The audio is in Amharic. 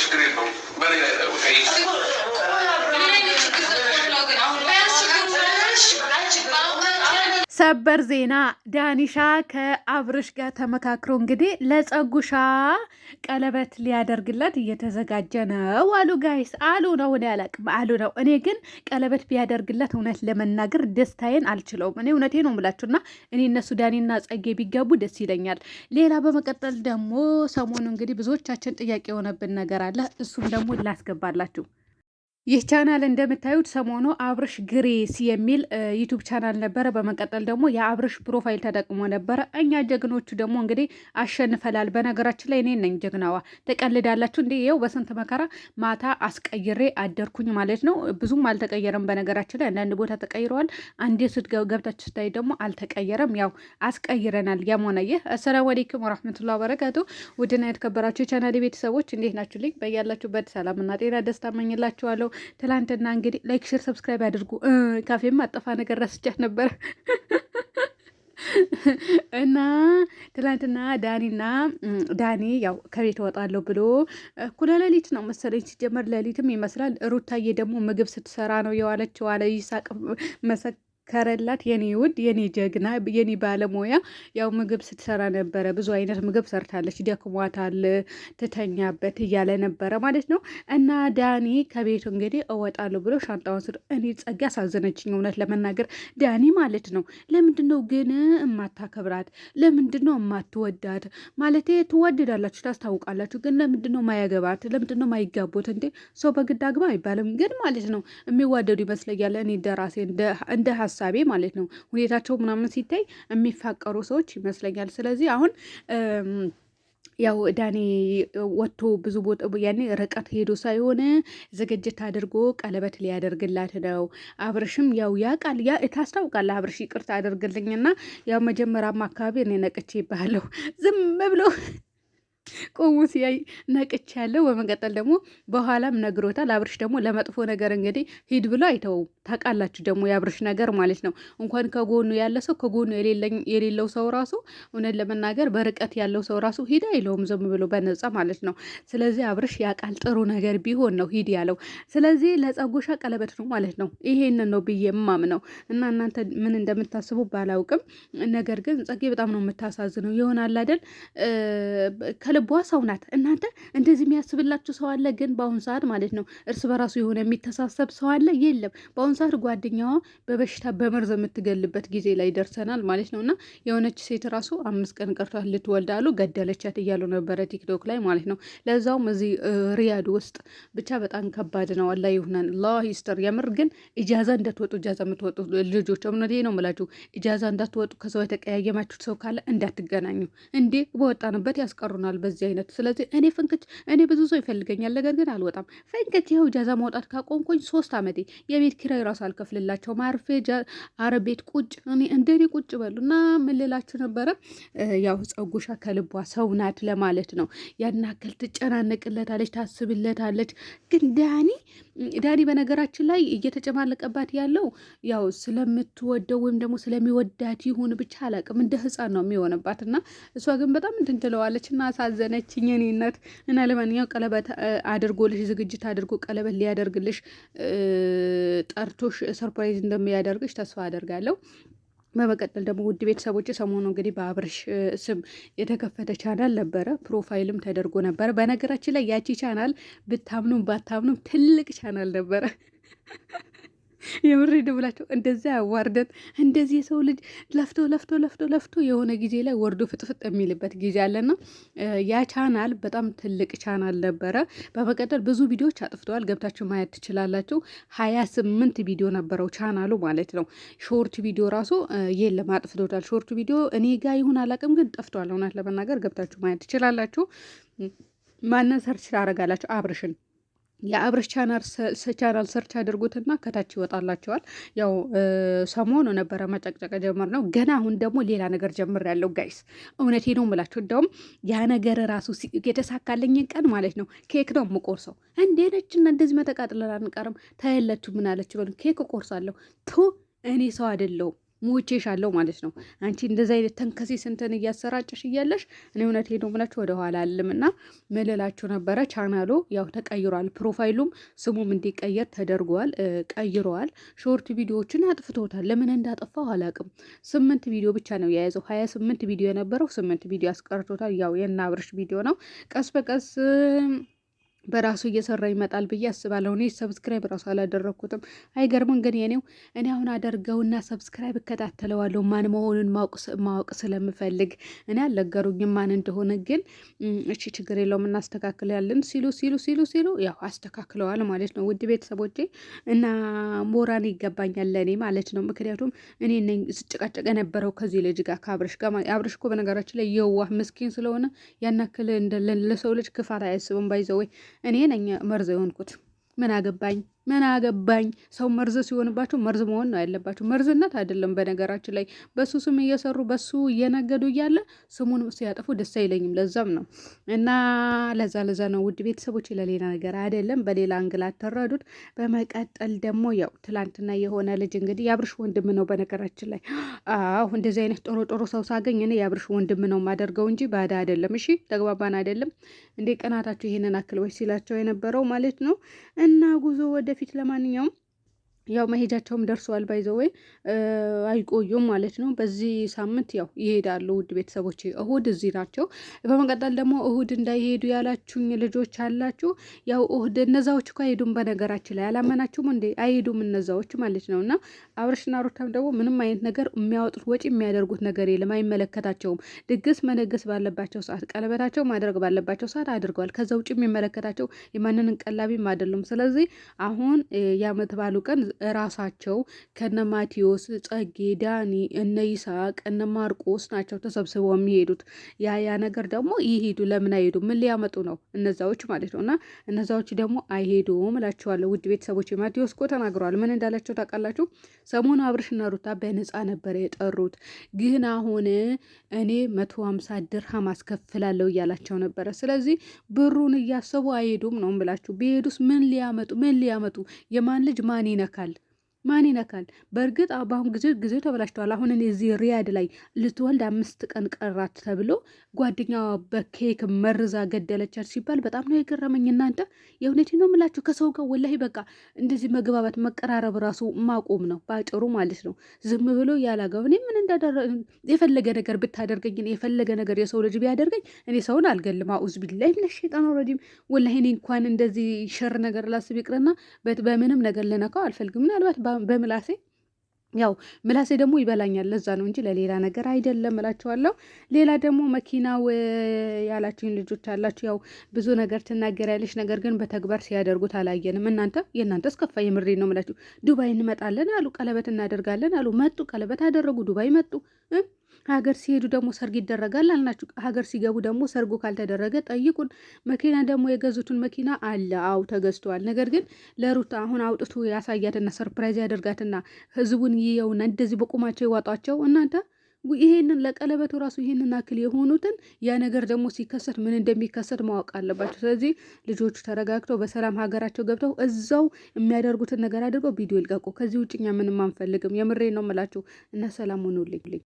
ችግር የለውም። ሰበር ዜና ዳኒሻ ከአብርሽ ጋር ተመካክሮ እንግዲህ ለፀጉሻ ቀለበት ሊያደርግላት እየተዘጋጀ ነው አሉ። ጋይስ አሉ ነው እኔ አላቅም አሉ ነው። እኔ ግን ቀለበት ቢያደርግላት እውነት ለመናገር ደስታዬን አልችለውም። እኔ እውነቴ ነው የምላችሁና እኔ እነሱ ዳኒና ጸጌ ቢገቡ ደስ ይለኛል። ሌላ በመቀጠል ደግሞ ሰሞኑ እንግዲህ ብዙዎቻችን ጥያቄ የሆነብን ነገር አለ። እሱም ደግሞ ላስገባላችሁ ይህ ቻናል እንደምታዩት ሰሞኑ አብርሽ ግሬስ የሚል ዩቱብ ቻናል ነበረ። በመቀጠል ደግሞ የአብርሽ ፕሮፋይል ተጠቅሞ ነበረ። እኛ ጀግኖቹ ደግሞ እንግዲህ አሸንፈላል። በነገራችን ላይ እኔ ነኝ ጀግናዋ። ተቀልዳላችሁ እንዲ ው በስንት መከራ ማታ አስቀይሬ አደርኩኝ ማለት ነው። ብዙም አልተቀየረም። በነገራችን ላይ አንዳንድ ቦታ ተቀይረዋል። አንዴ ገብታችሁ ስታይ ደግሞ አልተቀየረም። ያው አስቀይረናል። ያም ሆነ ይህ አሰላሙ አሌይኩም ወረህመቱላ በረካቱ። ውድና የተከበራችሁ የቻናል ቤተሰቦች እንዴት ናችሁ? ልኝ በያላችሁበት ሰላምና ጤና ደስታ መኝላችኋለሁ። ትላንትና እንግዲህ ላይክ፣ ሼር፣ ሰብስክራይብ አድርጉ። ካፌም አጠፋ ነገር ራስቻት ነበር እና ትላንትና ዳኒና ዳኒ ያው ከቤት እወጣለሁ ብሎ እኩለ ሌሊት ነው መሰለኝ፣ ሲጀመር ሌሊትም ይመስላል። ሩታዬ ደግሞ ምግብ ስትሰራ ነው የዋለች ዋለ ይሳቅ መሰ ከረላት የኔ ውድ የኔ ጀግና የኔ ባለሙያ ያው ምግብ ስትሰራ ነበረ። ብዙ አይነት ምግብ ሰርታለች። ደክሟታል ትተኛበት እያለ ነበረ ማለት ነው። እና ዳኒ ከቤቱ እንግዲህ እወጣለሁ ብሎ ሻንጣውን ስር እኔ ጸጋ ያሳዘነችኝ እውነት ለመናገር ዳኒ ማለት ነው። ለምንድን ነው ግን እማታከብራት? ለምንድን ነው እማትወዳት? ማለት ትወደዳላችሁ፣ ታስታውቃላችሁ። ግን ለምንድን ነው ማያገባት? ለምንድን ነው ማይጋቡት? እንዴ ሰው በግድ አግባ አይባልም። ግን ማለት ነው የሚዋደዱ ይመስለኛል እኔ እንደ እንደ ሀሳቤ ማለት ነው። ሁኔታቸው ምናምን ሲታይ የሚፋቀሩ ሰዎች ይመስለኛል። ስለዚህ አሁን ያው ዳኒ ወጥቶ ብዙ ቦታ ያኔ ርቀት ሄዶ ሳይሆን ዝግጅት አድርጎ ቀለበት ሊያደርግላት ነው። አብርሽም ያው ያ ቃል ያ ታስታውቃለህ። አብርሽ ይቅርታ አደርግልኝና ያው መጀመሪያም አካባቢ እኔ ነቅቼ ባለሁ ዝም ብሎ ቆሙ ሲያይ ነቅች ያለው። በመቀጠል ደግሞ በኋላም ነግሮታል። አብርሽ ደግሞ ለመጥፎ ነገር እንግዲህ ሂድ ብሎ አይተው ታውቃላችሁ ደግሞ የአብርሽ ነገር ማለት ነው። እንኳን ከጎኑ ያለ ሰው ከጎኑ የሌለው ሰው ራሱ እውነት ለመናገር በርቀት ያለው ሰው ራሱ ሂድ አይለውም፣ ዝም ብሎ በነጻ ማለት ነው። ስለዚህ አብርሽ ያውቃል፣ ጥሩ ነገር ቢሆን ነው ሂድ ያለው። ስለዚህ ለፀጎሻ ቀለበት ነው ማለት ነው። ይሄንን ነው ብዬ የማምነው እና እናንተ ምን እንደምታስቡ ባላውቅም፣ ነገር ግን ጸጌ በጣም ነው የምታሳዝነው። ይሆናል አይደል ከልቧ ሰው ናት። እናንተ እንደዚህ የሚያስብላችሁ ሰው አለ? ግን በአሁኑ ሰዓት ማለት ነው እርስ በራሱ የሆነ የሚተሳሰብ ሰው አለ? የለም። በአሁኑ ሰዓት ጓደኛዋ በበሽታ በመርዝ የምትገልበት ጊዜ ላይ ደርሰናል ማለት ነው። እና የሆነች ሴት ራሱ አምስት ቀን ቀርቷት ልትወልድ አሉ ገደለቻት እያሉ ነበረ ቲክቶክ ላይ ማለት ነው። ለዛውም እዚህ ሪያድ ውስጥ ብቻ በጣም ከባድ ነው። አላ ይሁናን ላ ሂስተር የምር ግን ኢጃዛ እንዳትወጡ ኢጃዛ የምትወጡ ልጆች እምነቴ ነው የምላችሁ ኢጃዛ እንዳትወጡ ከሰው የተቀያየማችሁት ሰው ካለ እንዳትገናኙ እንዴ በወጣንበት ያስቀሩናል በዚያ አይነት። ስለዚህ እኔ ፍንክች እኔ ብዙ ሰው ይፈልገኛል፣ ነገር ግን አልወጣም። ፍንክች ይኸው ጃዛ ማውጣት ካቆምኩኝ ሶስት ዓመቴ የቤት ኪራይ ራሱ አልከፍልላቸው ማርፌ አረብ ቤት ቁጭ እኔ እንደኔ ቁጭ በሉ እና ምን ልላችሁ ነበረ? ያው ፀጉሻ ከልቧ ሰው ናት ለማለት ነው። ያናከል ትጨናነቅለታለች፣ ታስብለታለች። ግን ዳኒ ዳኒ በነገራችን ላይ እየተጨማለቀባት ያለው ያው ስለምትወደው ወይም ደግሞ ስለሚወዳት ይሁን ብቻ አላቅም እንደ ህፃን ነው የሚሆንባት እና እሷ ግን በጣም እንትን ትለዋለች እና አሳዘነች። ሰራችኝ የኔ እናት። እና ለማንኛውም ቀለበት አድርጎልሽ ዝግጅት አድርጎ ቀለበት ሊያደርግልሽ ጠርቶሽ ሰርፕራይዝ እንደሚያደርግሽ ተስፋ አደርጋለሁ። በመቀጠል ደግሞ ውድ ቤተሰቦች ሰሞኑ እንግዲህ በአብርሽ ስም የተከፈተ ቻናል ነበረ፣ ፕሮፋይልም ተደርጎ ነበረ። በነገራችን ላይ ያቺ ቻናል ብታምኑም ባታምኑም ትልቅ ቻናል ነበረ። የምሬ ደብላቸው እንደዛ ያዋርደን። እንደዚህ የሰው ልጅ ለፍቶ ለፍቶ ለፍቶ ለፍቶ የሆነ ጊዜ ላይ ወርዶ ፍጥፍጥ የሚልበት ጊዜ አለና ያ ቻናል በጣም ትልቅ ቻናል ነበረ። በመቀጠል ብዙ ቪዲዮዎች አጥፍተዋል፣ ገብታችሁ ማየት ትችላላችሁ። ሀያ ስምንት ቪዲዮ ነበረው ቻናሉ ማለት ነው። ሾርት ቪዲዮ ራሱ የለም አጥፍቶታል። ሾርት ቪዲዮ እኔ ጋ ይሁን አላውቅም፣ ግን ጠፍተዋል። እውነት ለመናገር ገብታችሁ ማየት ትችላላችሁ። ማንን ሰርች ታደርጋላችሁ? አብርሽን የአብርሽ ቻናል ቻናል ሰርች አድርጉትና ከታች ይወጣላቸዋል። ያው ሰሞኑ ነበረ መጨቅጨቀ ጀምር ነው። ገና አሁን ደግሞ ሌላ ነገር ጀምር ያለው ጋይስ፣ እውነቴ ነው የምላቸው። እንደውም ያ ነገር ራሱ የተሳካለኝን ቀን ማለት ነው ኬክ ነው የምቆርሰው። እንዴ ነችና እንደዚህ መተቃጥለን አንቀርም። ታያላችሁ ምን አለች ኬክ እቆርሳለሁ። ቱ እኔ ሰው አይደለሁም። ሞቼሻለሁ ማለት ነው። አንቺ እንደዚህ አይነት ተንከሴ ስንትን እያሰራጨሽ እያለሽ እኔ እውነት ሄዶ ብላችሁ ወደኋላ አልልም እና መለላችሁ ነበረ። ቻናሉ ያው ተቀይሯል፣ ፕሮፋይሉም ስሙም እንዲቀየር ተደርጓል፣ ቀይረዋል። ሾርት ቪዲዮዎችን አጥፍቶታል። ለምን እንዳጠፋው አላውቅም። ስምንት ቪዲዮ ብቻ ነው የያዘው። ሀያ ስምንት ቪዲዮ የነበረው ስምንት ቪዲዮ አስቀርቶታል። ያው የናብርሽ ቪዲዮ ነው። ቀስ በቀስ በራሱ እየሰራ ይመጣል ብዬ አስባለሁ። እኔ ሰብስክራይብ ራሱ አላደረግኩትም። አይገርምም ግን የኔው እኔ አሁን አደርገውና ሰብስክራይብ እከታተለዋለሁ ማን መሆኑን ማወቅ ስለምፈልግ እኔ አልነገሩኝ ማን እንደሆነ። ግን እሺ ችግር የለውም እናስተካክላለን ሲሉ ሲሉ ሲሉ ሲሉ ያው አስተካክለዋል ማለት ነው። ውድ ቤተሰቦቼ እና ሞራን ይገባኛል ለእኔ ማለት ነው። ምክንያቱም እኔ ስጨቃጨቀ ነበረው ከዚህ ልጅ ጋር ከአብረሽ ጋር። አብረሽ እኮ በነገራችን ላይ የዋህ ምስኪን ስለሆነ ያናክል ለሰው ልጅ ክፋት አያስብም ባይዘወይ እኔ ነኝ መርዝ የሆንኩት ምን አገባኝ ምን አገባኝ። ሰው መርዝ ሲሆንባቸው መርዝ መሆን ነው ያለባቸው። መርዝነት አይደለም በነገራችን ላይ በሱ ስም እየሰሩ በሱ እየነገዱ እያለ ስሙን ሲያጠፉ ደስ አይለኝም። ለዛም ነው እና ለዛ ለዛ ነው ውድ ቤተሰቦች፣ ለሌላ ነገር አይደለም። በሌላ አንግል አትረዱት። በመቀጠል ደግሞ ያው ትላንትና የሆነ ልጅ እንግዲህ የአብርሽ ወንድም ነው በነገራችን ላይ አሁ እንደዚህ አይነት ጦሮ ጦሮ ሰው ሳገኝ እኔ የአብርሽ ወንድም ነው ማደርገው እንጂ ባዳ አይደለም። እሺ ተግባባን አይደለም እንዴ? ቅናታችሁ ይሄንን አክል ወይ ሲላቸው የነበረው ማለት ነው እና ጉዞ ወደ ወደፊት ለማንኛውም ያው መሄጃቸውም ደርሰዋል። ባይዘው ወይ አይቆዩም ማለት ነው። በዚህ ሳምንት ያው ይሄዳሉ። ውድ ቤተሰቦች እሁድ እዚህ ናቸው። በመቀጠል ደግሞ እሁድ እንዳይሄዱ ያላችሁኝ ልጆች አላችሁ። ያው እሁድ እነዛዎች እኮ አይሄዱም። በነገራችን ላይ አላመናችሁም እንዴ? አይሄዱም እነዛዎች ማለት ነው። እና አብርሽና ሩታም ደግሞ ምንም አይነት ነገር የሚያወጡት ወጪ የሚያደርጉት ነገር የለም። አይመለከታቸውም። ድግስ መደገስ ባለባቸው ሰዓት፣ ቀለበታቸው ማድረግ ባለባቸው ሰዓት አድርገዋል። ከዛ ውጭ የሚመለከታቸው የማንንም ቀላቢም አይደሉም። ስለዚህ አሁን የአመት ባሉ ቀን ራሳቸው ከነ ማቴዎስ፣ ጸጌ፣ ዳኒ፣ እነ ይስሐቅ፣ እነ ማርቆስ ናቸው ተሰብስበው የሚሄዱት። ያ ያ ነገር ደግሞ ይሄዱ ለምን አይሄዱ? ምን ሊያመጡ ነው? እነዛዎች ማለት ነው። እና እነዛዎች ደግሞ አይሄዱም እላቸዋለሁ። ውድ ቤተሰቦች ማቴዎስ እኮ ተናግረዋል። ምን እንዳላቸው ታውቃላችሁ? ሰሞኑ አብርሽና ሩታ በነፃ ነበር የጠሩት፣ ግን አሁን እኔ መቶ ሀምሳ ድርሃም አስከፍላለሁ እያላቸው ነበረ። ስለዚህ ብሩን እያሰቡ አይሄዱም ነው ብላችሁ። ቢሄዱስ ምን ሊያመጡ ምን ሊያመጡ የማን ልጅ ማን ይነካል? ማን ይነካል? በእርግጥ በአሁን ጊዜ ጊዜው ተበላሽተዋል። አሁን እኔ እዚህ ሪያድ ላይ ልትወልድ አምስት ቀን ቀራት ተብሎ ጓደኛዋ በኬክ መርዛ ገደለቻት ሲባል በጣም ነው የገረመኝ። እናንተ የእውነቴ ነው የምላችሁ ከሰው ጋር ወላሂ በቃ እንደዚህ መግባባት መቀራረብ ራሱ ማቆም ነው ባጭሩ ማለት ነው። ዝም ብሎ ያላገው እኔ ምን እንዳደረ የፈለገ ነገር ብታደርገኝ የፈለገ ነገር የሰው ልጅ ቢያደርገኝ እኔ ሰውን አልገልም። አኡዝ ቢላሂ ሚነሽ ሸይጣን ረጂም። ወላሂ እኔ እንኳን እንደዚህ ሸር ነገር ላስብ ይቅርና በምንም ነገር ልነካው አልፈልግም ምናልባት በምላሴ ያው ምላሴ ደግሞ ይበላኛል። ለዛ ነው እንጂ ለሌላ ነገር አይደለም እላችኋለሁ። ሌላ ደግሞ መኪናው ያላችሁኝ ልጆች አላችሁ። ያው ብዙ ነገር ትናገሪያለሽ፣ ነገር ግን በተግባር ሲያደርጉት አላየንም። እናንተ የእናንተ እስከፋ የምሬ ነው ምላችሁ። ዱባይ እንመጣለን አሉ፣ ቀለበት እናደርጋለን አሉ። መጡ፣ ቀለበት አደረጉ፣ ዱባይ መጡ። ሀገር ሲሄዱ ደግሞ ሰርግ ይደረጋል አልናችሁ። ሀገር ሲገቡ ደግሞ ሰርጉ ካልተደረገ ጠይቁን። መኪና ደግሞ የገዙትን መኪና አለ፣ አዎ ተገዝተዋል። ነገር ግን ለሩት አሁን አውጥቶ ያሳያትና ሰርፕራይዝ ያደርጋትና ህዝቡን ይየውና እንደዚህ በቁማቸው ይዋጧቸው እናንተ ይሄንን ለቀለበቱ ራሱ ይሄንን አክል የሆኑትን ያ ነገር ደግሞ ሲከሰት ምን እንደሚከሰት ማወቅ አለባቸው። ስለዚህ ልጆቹ ተረጋግተው በሰላም ሀገራቸው ገብተው እዛው የሚያደርጉትን ነገር አድርገው ቪዲዮ ይልቀቁ። ከዚህ ውጭ እኛ ምንም አንፈልግም። የምሬ ነው የምላችሁ እና ሰላም ሆኖልኝ